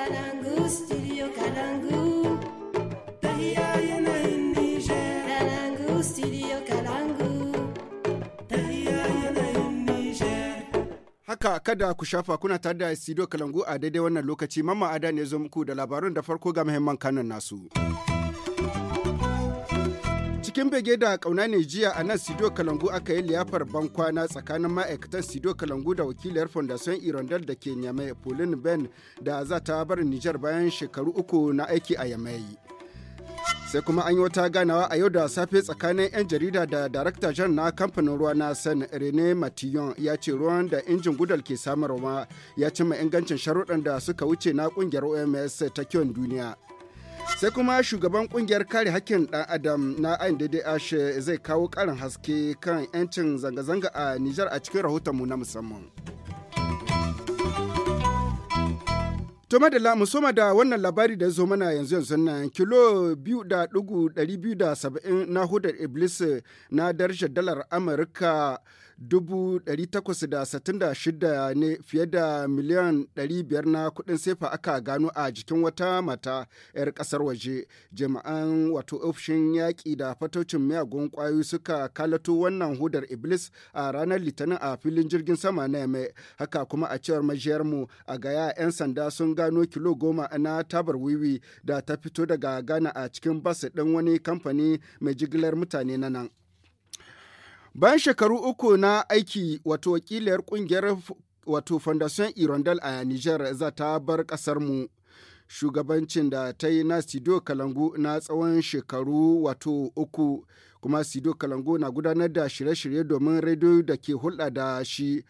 Kalangu, Haka kada ku shafa kuna tare da Sido Kalangu a daidai wannan lokaci mamma ada ne zo muku da labarun da farko ga muhimman kanan nasu. bikin bege da kauna ne jiya a nan Sido Kalangu aka yi liyafar bankwana tsakanin ma'aikatan Sido Kalangu da wakiliyar Fondation Irondel da ke Nyamai Pauline Ben da za ta bar Nijar bayan shekaru uku na aiki a Yamai. Sai kuma an yi wata ganawa a yau da safe tsakanin 'yan jarida da darakta jan na kamfanin ruwa na San Rene Matillon ya ce ruwan da injin gudal ke samarwa ya cimma ingancin sharuɗan da suka wuce na ƙungiyar OMS ta kiwon duniya. sai kuma shugaban kungiyar kare hakkin ɗan adam na daidai ashe zai kawo karin haske kan 'yancin zanga-zanga a nijar a cikin rahoton mu na musamman To madalla mu soma da wannan labari da zo mana yanzu yanzu nan kilo 2.270 na hudar Iblis na darajar dalar Amurka 866 ne fiye da miliyan 500 na kuɗin sefa aka gano a jikin wata mata 'yar ƙasar waje. jama'an wato ofishin yaƙi da fatocin miyagun kwayoyi suka kalato wannan hudar Iblis a ranar Litinin a filin jirgin sama na yame Haka kuma a cewar majiyarmu a gaya 'yan sanda sun gano kilo goma na tabar wiwi da ta fito daga Ghana a cikin bas ɗin wani kamfani mai jigilar mutane na nan. Bayan shekaru uku na aiki wato wakiliyar kungiyar wato Fondation Irondel a niger za ta bar mu Shugabancin da ta yi na Sido Kalangu na tsawon shekaru wato uku kuma Sido Kalangu na gudanar da shirye-shirye domin rediyo da ke hulɗa da shi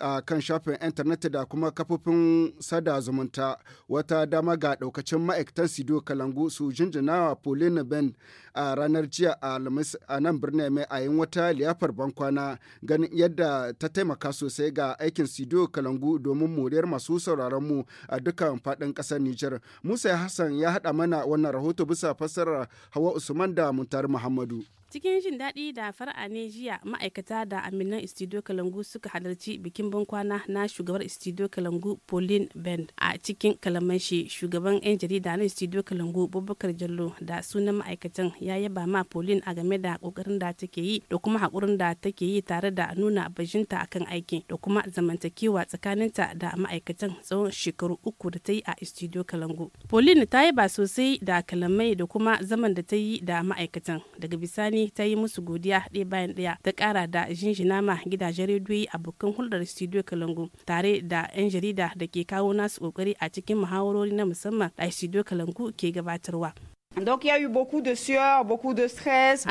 a kan shafin intanet da kuma kafofin sada zumunta wata dama ga daukacin ma'aikatan sido kalangu su jinjina wa pauline ben a ranar jiya a nan birnin mai a yin wata liyafar bankwana ganin yadda ta taimaka sosai ga aikin sido kalangu domin moriyar masu sauraron mu a dukkan fadin ƙasar nijar musa hassan ya haɗa mana wannan rahoto bisa fassarar hawa usman da muntar muhammadu cikin jin daɗi da fara ne jiya ma'aikata da aminan istidiyo kalangu suka halarci bikin bankwana na shugabar istidiyo kalangu pauline bend a cikin kalamanshi shugaban 'yan jarida na istidiyo kalangu bubakar jallo da sunan ma'aikatan ya yaba ma pauline a game da kokarin da take yi da kuma haƙurin da take yi tare da nuna bajinta akan aikin da kuma zamantakewa tsakaninta da ma'aikatan tsawon shekaru uku da ta yi a istidiyo kalangu pauline ta yi sosai da kalamai da kuma zaman da ta yi da ma'aikatan daga bisani Tijjani ta yi musu godiya ɗaya bayan ɗaya ta ƙara da jinjina ma gidajen rediyoyi abokan hulɗar Studio Kalangu tare da 'yan jarida da ke kawo nasu ƙoƙari a cikin muhawarori na musamman da Studio Kalangu ke gabatarwa. An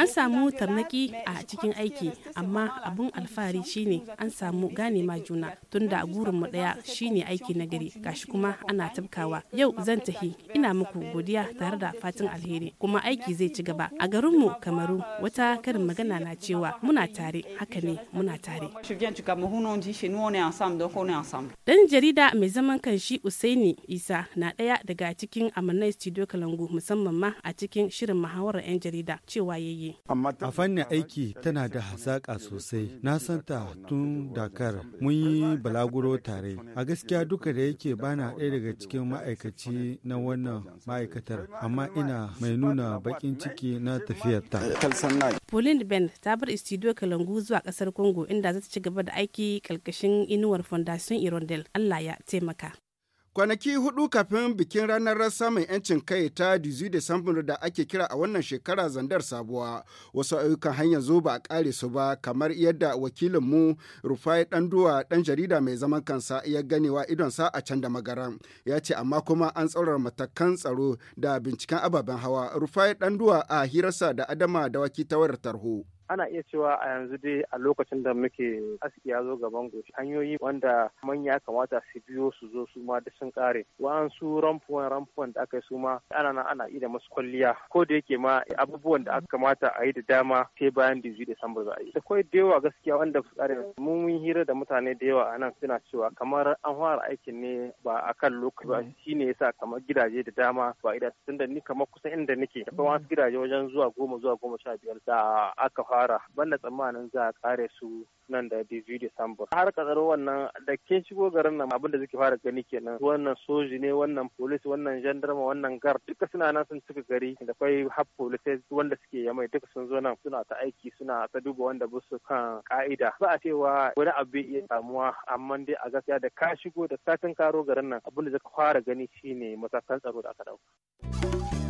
samu tarnaki a cikin aiki, amma abun alfahari shine an samu gane ma juna tunda gurin mu daya shine aiki na gari gashi kuma ana tabkawa. Yau zan tahi ina muku godiya tare da fatan alheri kuma aiki zai ci gaba. A garinmu mu Kamaru euh, wata karin magana na cewa muna tare haka ne muna tare. Dan jarida mai zaman kanshi Usaini Isa na daya daga cikin amanai studio Kalangu musamman ma a cikin shirin muhawarar 'yan jarida cewa yayi. A fannin aiki tana da hazaƙa sosai. Na san ta tun Dakar mun yi balaguro tare. A gaskiya duka da yake bana ɗaya daga cikin ma'aikaci na wannan ma'aikatar amma ina mai nuna baƙin ciki na tafiyar ta. Polin Ben ta bar istidiyo Kalangu zuwa ƙasar Congo inda za ta ci gaba da aiki ƙarƙashin inuwar Fondation Irondel. Allah ya taimaka. Kwanaki hudu kafin bikin ranar samun 'yancin kai ta 18 Disambar da ake kira a wannan shekara zandar sabuwa, wasu ayyukan hanyar zo ba a kare su ba kamar yadda wakilinmu Rufai Danduwa dan jarida mai zaman kansa ya ganewa idonsa a can da magaran. Ya ce amma kuma an tsaurar matakan tsaro da binciken ababen hawa. Rufai Danduwa a hirarsa da Adama da waki ta wayar tarho. ana iya cewa a yanzu dai a lokacin da muke aski ya zo gaban goshi hanyoyi wanda manya kamata su biyo su zo su ma duk sun kare su rampuwan rampuwan da aka yi su ma ana nan ana ida masu kwalliya ko da yake ma abubuwan da aka kamata a yi da dama sai bayan zuwa Disamba za a yi akwai da yawa gaskiya wanda su kare mun yi hira da mutane da yawa anan suna cewa kamar an fara aikin ne ba a kan lokaci ba mm. shine yasa kamar gidaje da dama ba ida tunda ni kamar kusan inda nake akwai wasu gidaje wajen zuwa goma zuwa goma sha biyar da aka fara fara banda tsammanin za a kare su nan da biyu Disamba. Har tsaro wannan da ke shigo garin nan abinda suke fara gani kenan wannan soji ne wannan polis wannan jandarma wannan gar duka suna nan sun cika gari da kai har polisai wanda suke yamai duka sun zo nan suna ta aiki suna ta duba wanda ba su kan ka'ida. Ba a cewa wani abu iya samuwa amma dai a gaskiya da ka shigo da satin karo garin nan abinda zaka fara gani shine matakan tsaro da aka dauka.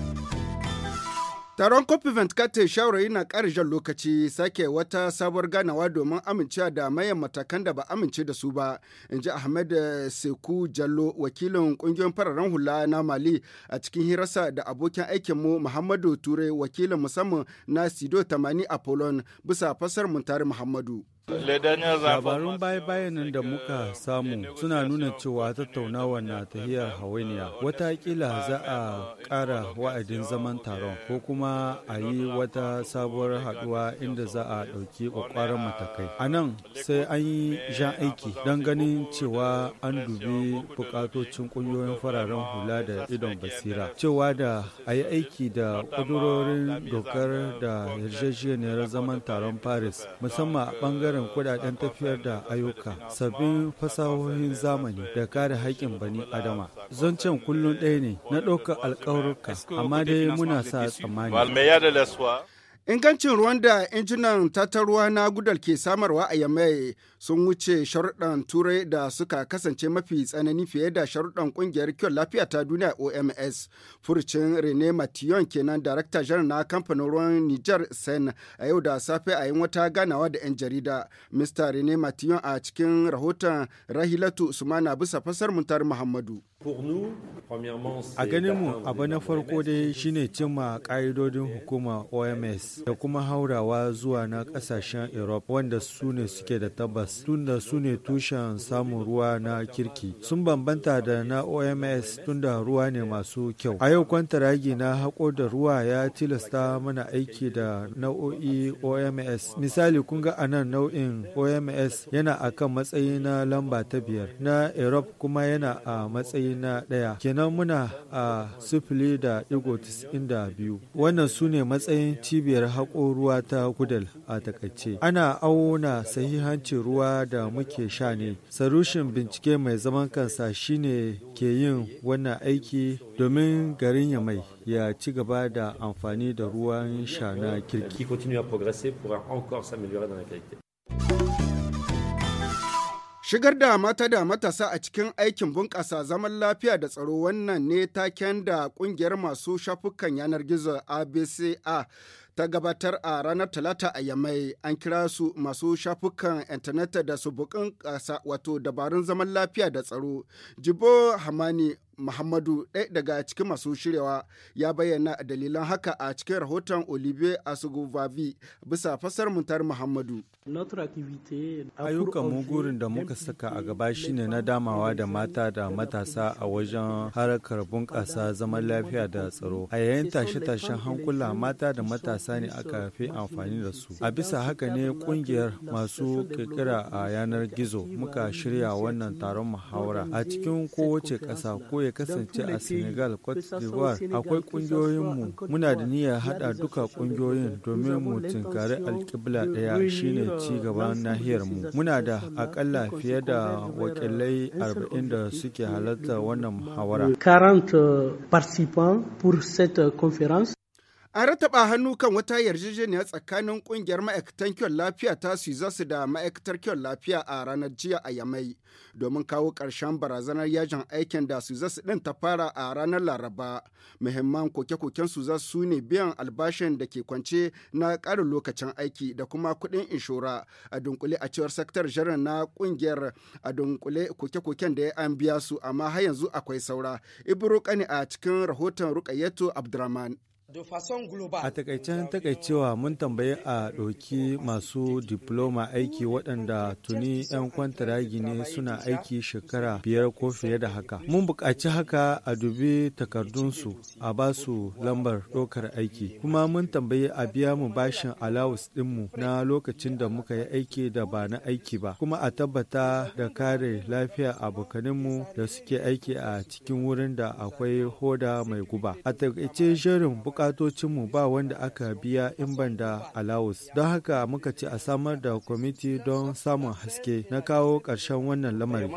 Taron Copivent Kate shawarayi na jan lokaci sake wata sabuwar ganawa domin amincewa da mayan matakan da ba amince da su ba, in ji Ahmed eh, Seku Jallo wakilin ƙungiyoyin fararen hula na Mali a cikin hirarsa da abokin aikinmu Muhammadu Ture wakilin musamman na Sido 80 a Polon bisa fasar Muntari Muhammadu. labarun baya nan da muka samu suna nuna cewa tattaunawa na tahiyar hawainiya watakila za a ƙara wa'adin zaman taron ko kuma a yi wata sabuwar haɗuwa inda za a ɗauki kwakwaran matakai a nan sai an yi jan aiki don ganin cewa an dubi buƙatocin ƙungiyoyin fararen hula da idon basira cewa da a yi aiki da ƙudurorin dokar da yarjejeniyar zaman taron paris musamman a ɓangaren ɓangaren kudaden tafiyar da ayyuka sabbin fasahohin zamani da kare haƙƙin bani adama zancen kullum ɗaya ne na ɗaukar alƙawarka amma dai muna sa tsammani Ingancin ruwan da injinan tattaruwa na gudal ke samarwa a Yamai sun wuce sharuɗan turai da suka kasance mafi tsanani fiye da sharuɗan ƙungiyar kyau lafiya ta duniya OMS. furcin Rene Matiyon kenan darakta janar na kamfanin ruwan Niger Sen a yau da safe a yin wata ganawa da 'yan jarida. Mr. Rene Matiyon a cikin rahoton Rahilatu Usman bisa fasar Muntar Muhammadu. A ganin mu abu na farko dai shine cimma ƙa'idodin hukuma OMS da kuma haurawa zuwa na ƙasashen Europe wanda su ne suke da tabbas tunda su ne tushen samun ruwa na kirki. Sun bambanta da na OMS tunda ruwa ne masu kyau. A yau kwanta ragi na haƙo da ruwa ya tilasta mana aiki da nau'o'i OMS. Misali kun ga anan nau'in OMS yana akan matsayi na lamba ta biyar na Europe kuma yana a matsayi na ɗaya kenan muna a sifili da ɗigo tis'in da biyu wannan su ne matsayin cibiyar haƙo ruwa ta gudal a takaice ana auna sahihancin ruwa da muke sha ne sarushin bincike mai zaman kansa shine ke yin wannan aiki domin garin ya mai ya ci gaba da amfani da ruwan sha na kirki Shigar da mata da matasa a cikin aikin bunƙasa zaman lafiya da tsaro wannan ne taken da ƙungiyar masu shafukan yanar gizo ABCA ta gabatar a ranar talata a yamai an kira su masu shafukan intanet da su bukin ƙasa wato dabarun zaman lafiya da tsaro. Jibo Hamani Muhammadu ɗaya daga cikin masu shiryawa ya bayyana dalilan haka a cikin rahoton Olivier Asugubavi bisa fasar mutar Muhammadu. Ayyukan mugurin da muka saka a gaba shine na damawa da mata da matasa a wajen harkar bunƙasa zaman lafiya da tsaro. A yayin tashe-tashen hankula mata da matasa ne aka fi amfani da su. A bisa haka ne ƙungiyar masu ƙirƙira a yanar gizo muka shirya wannan taron muhawara a cikin kowace ƙasa ko ya kasance a Senegal, Cote d'Ivoire akwai kungiyoyinmu muna da niyyar hada duka kungiyoyin domin mu tinkari alkibla daya shine ci gaban nahiyar mu. Muna da akalla fiye da wakilai arba'in da suke halarta wannan muhawara. 40 participants pour cette conférence. An rataba hannu kan wata yarjejeniya tsakanin kungiyar ma'aikatan kyon lafiya ta su da ma'aikatar kyon lafiya a ranar jiya a Yamai domin kawo ƙarshen barazanar yajin aikin da su ɗin ta fara a ranar Laraba. Muhimman koke-koken su su ne biyan albashin da ke kwance na ƙarin lokacin aiki da kuma kuɗin inshora a dunkule a cewar saktar jiran na kungiyar a dunkule koke-koken da ya an biya su amma har yanzu akwai saura. Ibro Kani a cikin rahoton Rukayeto Abdurrahman. A takaicen takaicewa mun tambayi a ɗauki masu diploma aiki waɗanda tuni 'yan kwantaragi ne suna aiki shekara biyar ko fiye da haka. Mun buƙaci haka a dubi takardunsu a ba su lambar ɗaukar aiki. Kuma mun tambayi a biya mu bashin alawus ɗinmu na lokacin da muka yi aiki da ba na aiki ba. Kuma a tabbata da kare lafiya abokaninmu da suke aiki a cikin wurin da akwai hoda mai guba. A takaice shirin buƙatar bukatocinmu ba wanda aka biya in ban da alawus. Don haka muka ci a samar da kwamiti don samun haske na kawo ƙarshen wannan lamari.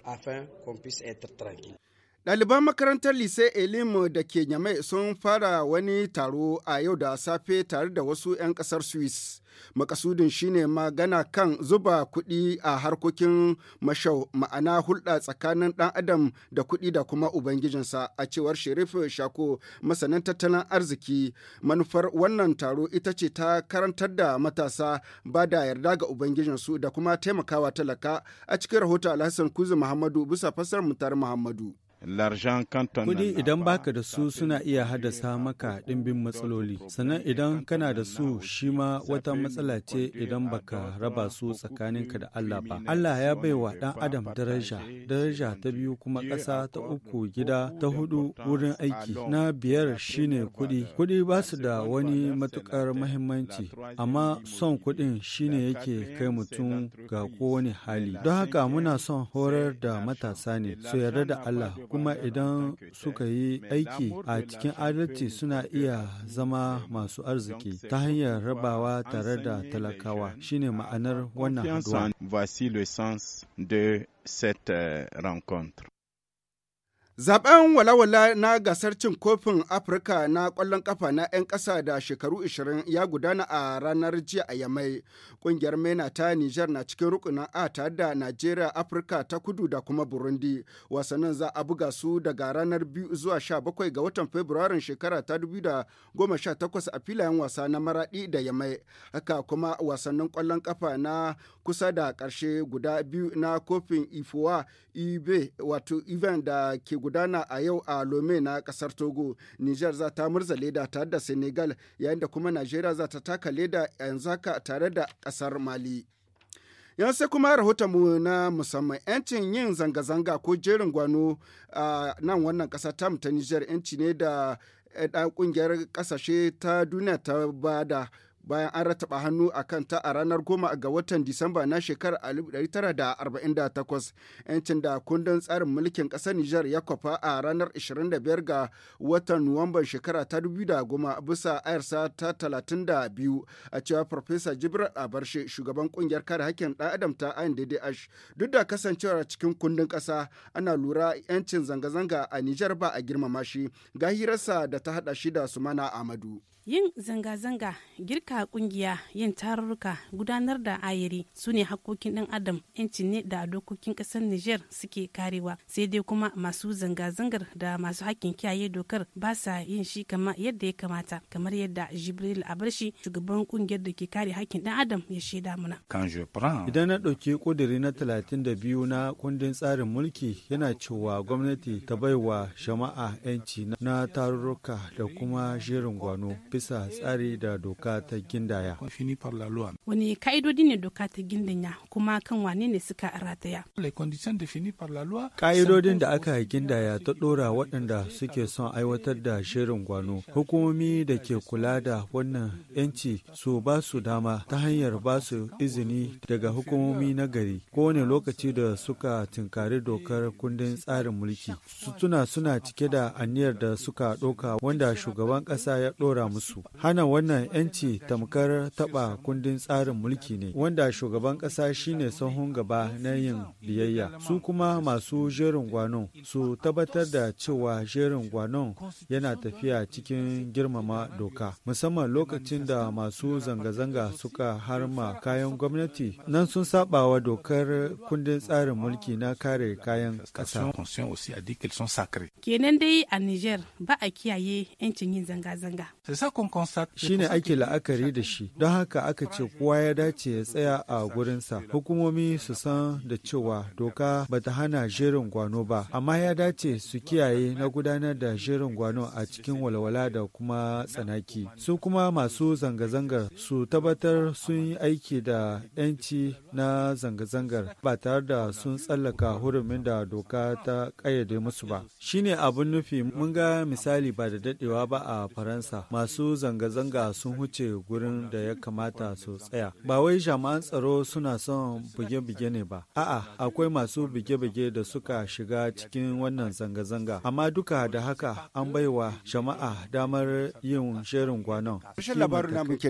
Ɗaliban makarantar Lise Elim da ke Nyamai sun fara wani taro a yau da safe tare da wasu 'yan ƙasar Swiss. Makasudin shine magana kan zuba kuɗi a harkokin mashau ma'ana hulɗa tsakanin ɗan adam da kuɗi da kuma Ubangijinsa a cewar Sherif Shako masanin tattalin arziki. Manufar wannan taro ita ce ta karantar da matasa ba da yarda ga Ubangijinsu da kuma taimakawa talaka a cikin rahoton Alhassan Kuzi Muhammadu bisa fasar Mutar Muhammadu. Kuɗi idan baka da su suna iya haddasa maka ɗimbin matsaloli. Sannan idan kana da su shi ma wata matsala ce idan baka raba su tsakanin ka da Allah ba. Allah ya bai wa ɗan adam daraja, daraja ta biyu kuma ƙasa ta uku gida ta hudu wurin aiki. Na biyar shine kuɗi. Kuɗi ba su da wani matuƙar mahimmanci, amma son kuɗin shine yake kai mutum ga kowane hali. Don haka muna son horar da matasa ne su yarda da Allah kuma idan suka yi aiki a cikin adalci suna iya zama masu arziki ta hanyar rabawa tare da talakawa shine ma'anar wannan haduwa. de euh, Zaben walawala na gasar cin kofin Afirka na ƙwallon kafa na 'yan ƙasa da shekaru 20 ya gudana a ranar jiya a Yamai. Ƙungiyar MENA ta Nijar na cikin rukunin A tare da Najeriya, Afirka ta kudu da kuma Burundi. Wasannin za a buga su daga ranar 2 zuwa 17 ga watan Fabrairun shekara ta 2018 a filayen wasa na Maraɗi da Yamai. Haka kuma wasannin kwallon kafa na kusa da karshe guda biyu na kofin Ifowa Ibe wato da ke gudana a yau a Lome na kasar Togo. niger za ta murza leda tare da Senegal yayin da kuma nigeria za ta taka leda yanzu haka tare da kasar Mali. yan sai kuma mu na musamman yancin yin zanga-zanga ko jerin gwano a nan wannan kasa tam ta Nijar yanci ne da ɗan eh, ƙungiyar ƙasashe ta duniya ta bada bayan an rataba hannu a kanta a ranar goma ga watan Disamba na shekarar 1948 'yancin da kundin tsarin mulkin ƙasar Nijar ya kwafa a ranar 25 ga watan Nuwamban shekara ta 2010 bisa ayarsa ta 32 a cewa Farfesa Jibril Abarshe shugaban kungiyar kare hakkin ɗan adam ta ash duk da kasancewar cikin kundin ƙasa ana lura 'yancin zanga-zanga a Nijar ba a girmama shi ga hirarsa da ta haɗa shi da Sumana Amadu. yin zanga-zanga girka kungiya yin tarurruka gudanar da ayiri su ne hakokin ɗan adam yanci ne da dokokin ƙasar niger suke karewa sai dai kuma masu zanga-zangar da masu hakkin kiyaye dokar ba sa yin shi kama yadda ya kamata kamar yadda jibril shi shugaban kungiyar da ke kare hakkin ɗan adam ya shaida muna idan na ɗauki ƙudiri na talatin da biyu na kundin tsarin mulki yana cewa gwamnati ta baiwa jama'a yanci na tarurruka da kuma shirin gwano bisa tsari da doka ta gindaya. Wani ka'idodi ne doka ta gindaya kuma kan wane ne suka rataya? Ka'idodin da aka gindaya ta ɗora waɗanda suke son aiwatar da shirin gwano. Hukumomi da ke kula da wannan 'yanci su ba su dama ta hanyar ba su izini daga hukumomi na gari kowane lokaci da suka tinkari dokar kundin tsarin mulki. Su tuna suna cike da aniyar da suka ɗauka wanda shugaban ƙasa ya ɗora musu. su. Hana wannan 'yanci tamkar taba kundin tsarin mulki ne, wanda shugaban kasa shine sahun gaba na yin biyayya. Su kuma masu jerin gwanon su tabbatar da cewa jerin gwanon yana tafiya cikin girmama doka, musamman lokacin da masu zanga-zanga suka harma kayan gwamnati nan sun saba dokar kundin tsarin mulki na kare kayan kasa. Kenan dai a Niger ba a kiyaye 'yancin yin zanga-zanga. shine ake la'akari da shi don haka aka ce kowa ya dace ya tsaya a gurinsa hukumomi su san da cewa doka ba ta hana jerin gwano ba amma ya dace su kiyaye na gudanar da jerin gwano a cikin walwala da kuma tsanaki su kuma masu zanga-zangar su tabbatar sun yi aiki da 'yanci na zanga-zangar ba tare da sun tsallaka hurumin da doka ta ƙayyade musu ba shine abun nufi mun ga misali ba da dadewa ba a faransa masu masu zanga-zanga sun huce gurin da ya kamata su tsaya. Ba wai jama'an tsaro suna son buge-buge ne ba. A'a, akwai masu buge-buge da suka shiga cikin wannan zanga-zanga. Amma duka da haka an baiwa jama'a damar yin shirin gwanon.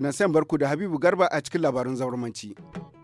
nan sai barku da Habibu Garba a cikin labarin zaurumanci.